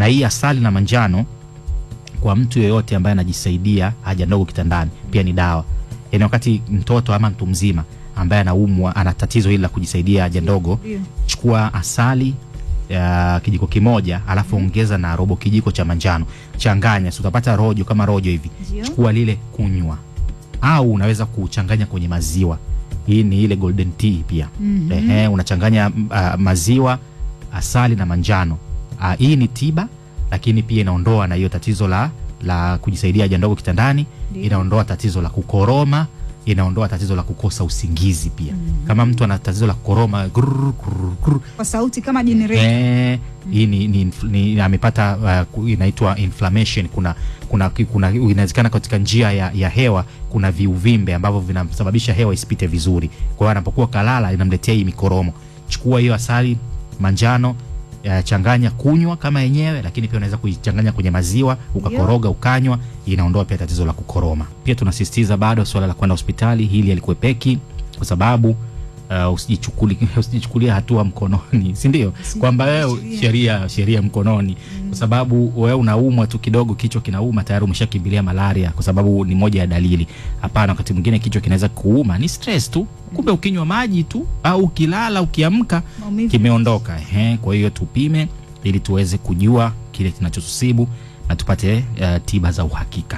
na hii asali na manjano kwa mtu yeyote ambaye anajisaidia haja ndogo kitandani pia ni dawa. Yaani wakati mtoto ama mtu mzima ambaye anaumwa ana tatizo hili la kujisaidia haja ndogo, chukua asali Uh, kijiko kimoja alafu mm. ongeza na robo kijiko cha manjano, changanya, si utapata rojo kama rojo hivi. Chukua lile kunywa, au unaweza kuchanganya kwenye maziwa. Hii ni ile golden tea pia. mm -hmm. Ehe, unachanganya uh, maziwa, asali na manjano Uh, hii ni tiba lakini pia inaondoa na hiyo tatizo la la kujisaidia haja ndogo kitandani, inaondoa tatizo la kukoroma, inaondoa tatizo la kukosa usingizi pia. mm -hmm. Kama mtu ana tatizo la kukoroma grrr, grrr, grrr, kwa sauti kama generator eh, mm hii ni, ni, ni, amepata uh, inaitwa inflammation. Kuna kuna kuna inawezekana katika njia ya, ya hewa kuna viuvimbe ambavyo vinasababisha hewa isipite vizuri, kwa hiyo anapokuwa kalala inamletea hii mikoromo. Chukua hiyo asali manjano uh, changanya kunywa kama yenyewe, lakini pia unaweza kuichanganya kwenye maziwa ukakoroga ukanywa, inaondoa pia tatizo la kukoroma. Pia tunasisitiza bado swala la kwenda hospitali, hili alikuepeki kwa sababu uh, usijichukulie usijichukulia hatua mkononi, si ndio? Kwamba wewe sheria sheria mkononi mm. Kwa sababu wewe unaumwa tu kidogo, kichwa kinauma tayari umeshakimbilia malaria, kwa sababu ni moja ya dalili. Hapana, wakati mwingine kichwa kinaweza kuuma, ni stress tu, kumbe ukinywa maji tu au ukilala, ukiamka kimeondoka. Ehe, kwa hiyo tupime ili tuweze kujua kile kinachotusibu na tupate uh, tiba za uhakika.